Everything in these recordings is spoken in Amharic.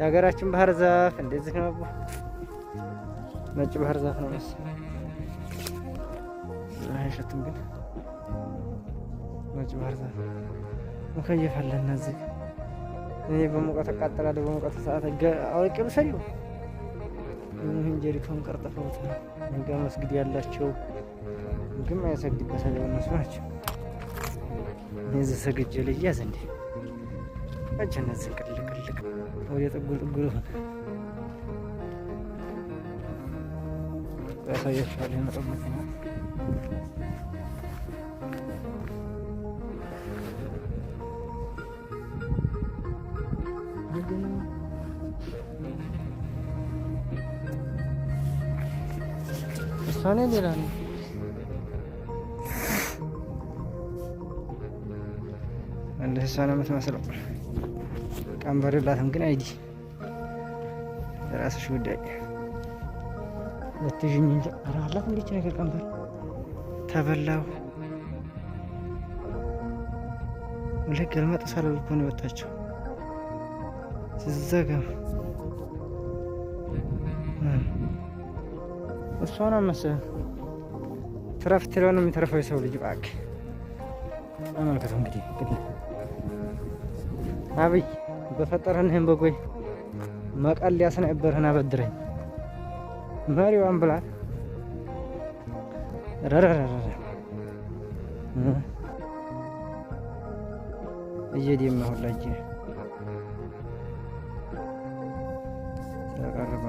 የሀገራችን ባህር ዛፍ እንደዚህ ነው። ነጭ ባህር ዛፍ ነው መሰለኝ። አይሸትም ግን ነጭ ባህር ዛፍ መከየፋለን። እነዚህ እኔ በሙቀት አቃጠላለሁ። በሙቀት ሰዓት አውቄ ብሰሪው ይህን ጀሪካን ቀርጥፈውት ነው። ነገ መስግድ ያላቸው ግን አያሰግድበታል። እነሱ ናቸው። እዚህ ሰግጄ ልያዝ እንዴ እጅ እነዚህ ቅል oh dia tegul-tegul rasanya sekali rambutnya sana dia lah Anda sana masih masuk. ቀንበር የላትም ግን አይዲ ራስሽ ጉዳይ ወትዥኝ እንጂ ኧረ አላት እንዴት ነገር ቀንበር ተበላው ሁለት ገልመጥ ሳለብ እኮ ነው የወጣቸው ስዘጋ እሷ ነው መሰለህ ትረፍ ትለው ነው የሚተረፈው የሰው ልጅ እባክህ ተመልከተው እንግዲህ አብይ በፈጠረንህን በጎይ መቃል ሊያስነብርህን አበድረኝ መሪዋን ብላ ረረረረረ እየደማ ሁላ እጄ ተቀርበ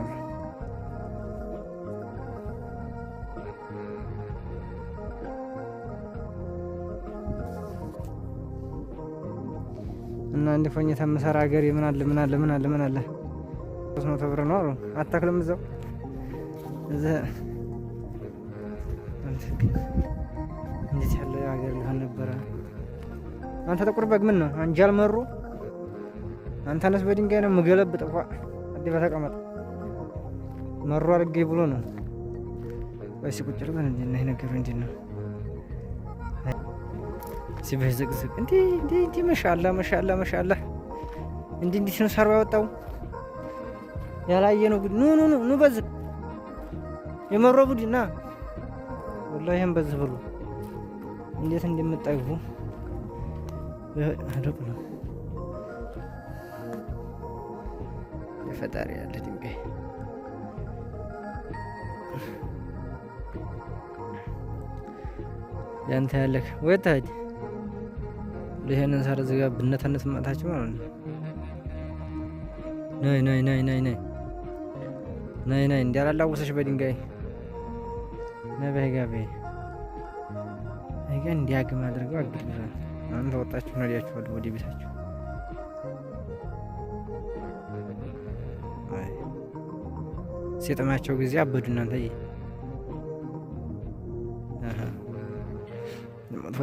እና እንደ ፎኝታ የምሰራ ሀገር ምን አለ ምን አለ ምን አለ ምን አለ ሶስት መቶ ብር ነው አሉ አታክልም እዛው እዛ እንዴት ያለ ሀገር ሊሆን ነበረ። አንተ ጥቁር በግ ምን ነው አንጃል መሩ አንተ ነስ በድንጋይ ነው ምገለብ ጥፋ አዲ በተቀመጠ መሩ አድርጌ ብሎ ነው ወይስ ቁጭ ብለን እንዴት ነው ይሄ ነገር እንዴት ነው? ሲበዘቅዝቅ እንዲ እንዲ እንዲ ማሻአላ ማሻአላ ማሻአላ! እንዲ እንዴት ነው ሳሩ ያወጣው? ያላየነው ጉድ! ኑ ኑ ኑ ኑ! በዝ የመሮ ቡድ ና ወላሂ በዝ ብሉ። እንዴት እንደምታዩ አደቁ ነው የፈጣሪ ያለ ድንጋይ ያንተ ያለክ ወይ ወታጅ ይሄንን ሳር እዚህ ጋር ብነተነት መጣች ማለት ነው። ነይ ነይ ነይ ነይ ነይ ነይ ነይ እንዲያላላውሰሽ በድንጋይ ነይ በይጋ በይ ይጋ እንዲያግም አድርገው አግብራል። አሁን ተወጣችሁ ነዲያችኋል ወደ ቤታችሁ ሲጥማቸው ጊዜ አበዱ። እናንተ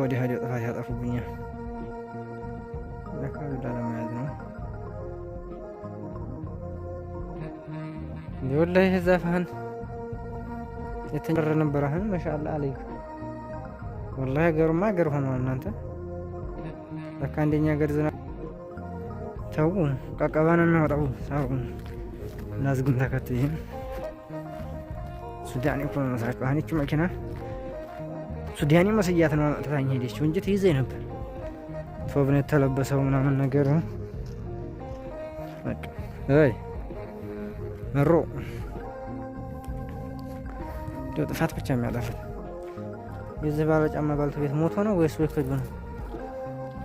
ወዲህ ወዲህ ጥፋት ያጠፉብኛል። ከብዳ ለመያዝ ነው። ወላሂ ዘፈን የተጀረ ነበረህን ማሻአላ አለይክ ወላሂ ሀገሩማ ሀገር ሆኗል። እናንተ ለካ አንደኛ ሀገር ዝና ተው ቀቀባን እናወጣው ሳሩ እናዝግም ተከትይ ሱዳን እኮ ነው መስራት ባህኒቹ መኪና ሱዳን መስያት ነው ተታኝ ሄደች እንጂ ትይዘኝ ነበር። ሶብ ነው የተለበሰው ምናምን ነገር ይ መሮ ጥፋት ብቻ የሚያጠፋት የዚህ ባለ ጫማ ባልተቤት ሞቶ ነው ወይስ ወይ ከጅ ነው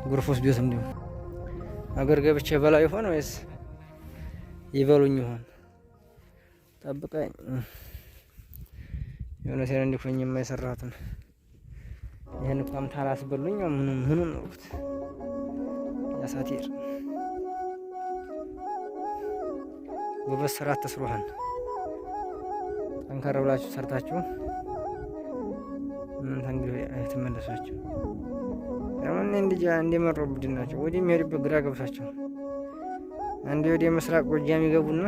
ጉርፎስ ወስዶት እንዲሁ አገር ገብቼ በላ ይሆን ወይስ ይበሉኝ ይሆን? ጠብቀኝ የሆነ ሴራ እንዲኮኝ የማይሰራትን ይህን እንኳን ታላስበሉኝ ምኑ ምኑ ነውት ያሳቴር ውበት ስራ ተስሩሃል። ጠንካራ ብላችሁ ሰርታችሁ እናንተ እንግዲህ ትመለሳችሁ። ለምን እንዲጃ እንደመረው ቡድን ናቸው። ወዲህ የሚሄድበት ግራ ገብሳቸው አንዴ ወደ ምስራቅ ጎጃም ይገቡና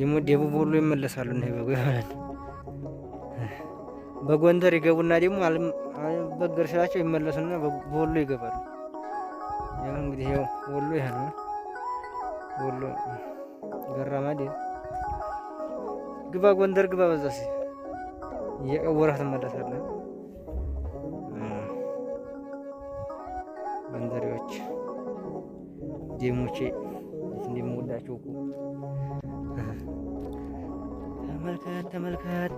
ደግሞ ደቡብ ወሎ ይመለሳሉ። እና ይበጉ ይሆናል በጎንደር ይገቡና ደግሞ አልበገር ስላቸው ይመለሱና በወሎ ይገባሉ። ያው እንግዲህ ያው ወሎ ይሄ ነው። ወሎ ገራማዴ ግባ፣ ጎንደር ግባ፣ በዛስ እየቀወረህ ትመለሳለህ። ጎንደሬዎች ዴሞቼ እንደምወዳቸው እኮ ተመልከት፣ ተመልከት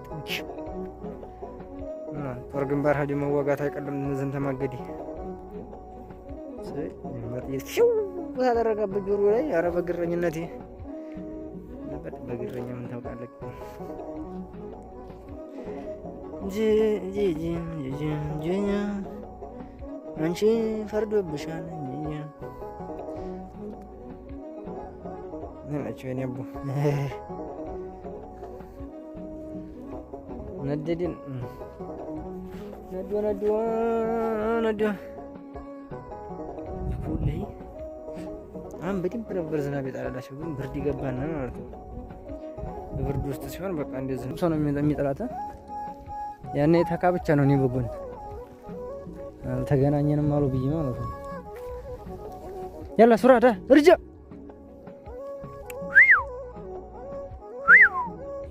ጦር ግንባር ሄዶ መዋጋት አይቀልም። እነዚህን ተማገዲ ሽው ጆሮ ላይ በግረኝነት ነበር። በግረኛ ምን ታውቃለህ አንቺ ፈርዶብሻል። ናቸው የኔ አቦ ነደድን ነዶ ነዶ ነዶ ሁልይ አሁን በደንብ ነበር ዝናብ የጣላላቸው፣ ግን ብርድ ይገባና ማለት ነው። በብርድ ውስጥ ሲሆን በቃ እንደዚህ ሰው ነው የሚጠላት። ያኔ ተካ ብቻ ነው እኔ በጎን አልተገናኘንም አሉ ብዬ ማለት ነው። ያላ ሱራዳ እርጃ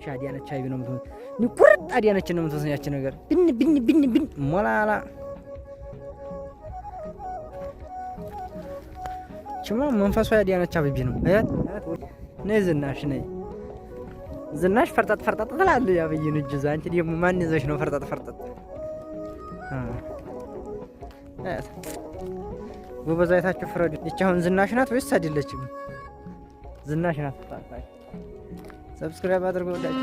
ሻዲያ ነች አይብ ነው ቁርጥ አዲያነችን ነው የምትወስኛችን ነገር ብን ብን ብን ብን ሞላላ ችማ መንፈሷ ያዲያነች አብቢ ነው። አያት ነይ ዝናሽ ነይ ዝናሽ ፈርጠጥ ፈርጠጥ ትላለ ያብይን እጅ እዛ አንቺ ደግሞ ማን ይዘሽ ነው ፈርጠጥ ፈርጠጥ? አያት አይታችሁ ፍረዱ። ይቺ አሁን ዝናሽ ናት ወይስ አይደለችም? ዝናሽ ናት። ሰብስክራይብ አድርጉ።